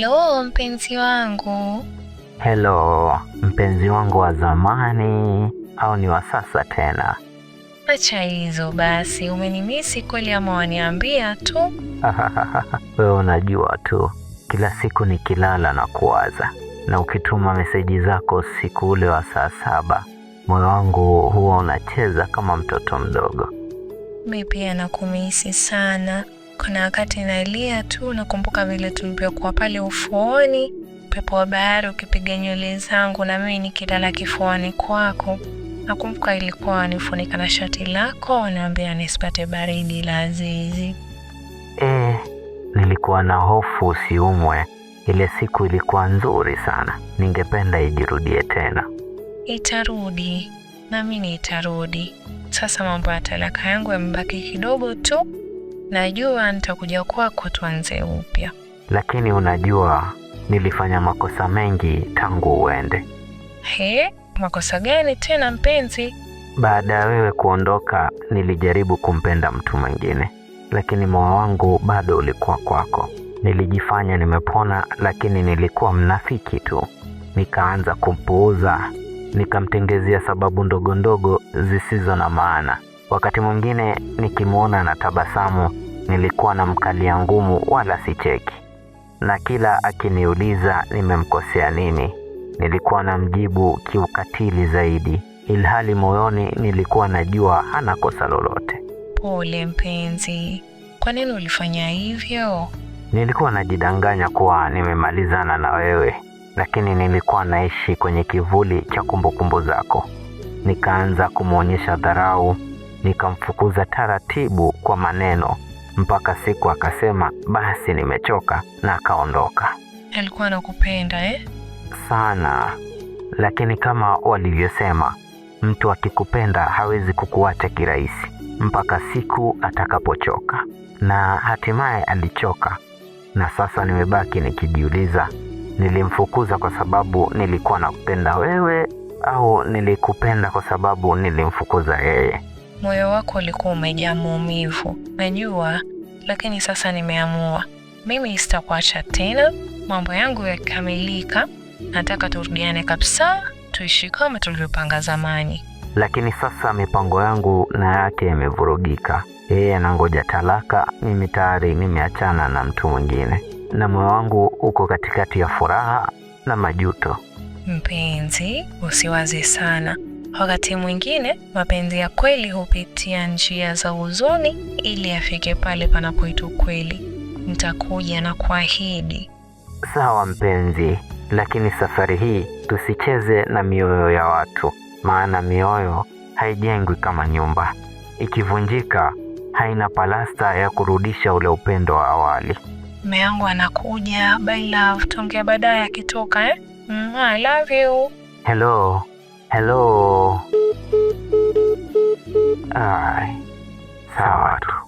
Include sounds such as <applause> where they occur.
Hello mpenzi wangu. Hello mpenzi wangu wa zamani au ni wa sasa tena? Acha hizo basi, umenimisi kweli ama waniambia tu? <laughs> Wewe unajua tu kila siku nikilala na kuwaza, na ukituma meseji zako usiku ule wa saa saba, moyo wangu huwa unacheza kama mtoto mdogo. Mi pia nakumisi sana. Kuna wakati nalia tu, nakumbuka vile tulivyokuwa pale ufuoni, upepo wa bahari ukipiga nywele zangu na mimi nikilala kifuani kwako. Nakumbuka ilikuwa wanifunika na shati lako, wanaambia nisipate baridi la zizi E, nilikuwa na hofu usiumwe. Ile siku ilikuwa nzuri sana, ningependa ijirudie tena. Itarudi, ni itarudi. Sasa mambo ya talaka yangu yamebaki kidogo tu. Najua nitakuja kwako tuanze upya, lakini unajua nilifanya makosa mengi tangu uende. He, makosa gani tena mpenzi? Baada ya wewe kuondoka, nilijaribu kumpenda mtu mwingine, lakini moyo wangu bado ulikuwa kwako. Nilijifanya nimepona, lakini nilikuwa mnafiki tu. Nikaanza kumpuuza, nikamtengezea sababu ndogo ndogo zisizo na maana. Wakati mwingine nikimwona na tabasamu, nilikuwa na mkalia ngumu wala sicheki, na kila akiniuliza nimemkosea nini, nilikuwa na mjibu kiukatili zaidi, ilhali moyoni nilikuwa najua hana kosa lolote. Pole mpenzi, kwa nini ulifanya hivyo? Nilikuwa najidanganya kuwa nimemalizana na wewe, lakini nilikuwa naishi kwenye kivuli cha kumbukumbu zako. Nikaanza kumwonyesha dharau nikamfukuza taratibu kwa maneno mpaka siku akasema basi nimechoka na akaondoka. Alikuwa anakupenda eh? Sana, lakini kama walivyosema, mtu akikupenda hawezi kukuacha kirahisi mpaka siku atakapochoka, na hatimaye alichoka. Na sasa nimebaki nikijiuliza, nilimfukuza kwa sababu nilikuwa nakupenda wewe au nilikupenda kwa sababu nilimfukuza yeye? Moyo wako ulikuwa umejaa maumivu, najua, lakini sasa nimeamua. Mimi sitakuacha tena, mambo yangu yakikamilika, nataka turudiane kabisa, tuishi kama tulivyopanga zamani. Lakini sasa mipango yangu na yake imevurugika. Yeye anangoja talaka, mimi tayari nimeachana na mtu mwingine, na moyo wangu uko katikati ya furaha na majuto. Mpenzi, usiwaze sana. Wakati mwingine mapenzi ya kweli hupitia njia za huzuni ili afike pale panapoitwa kweli Nitakuja na kuahidi. Sawa mpenzi, lakini safari hii tusicheze na mioyo ya watu, maana mioyo haijengwi kama nyumba, ikivunjika haina palasta ya kurudisha ule upendo wa awali. Mume wangu anakuja, by love, tuongea baadaye akitoka eh? Mm, I love you. Hello. Hello. I thought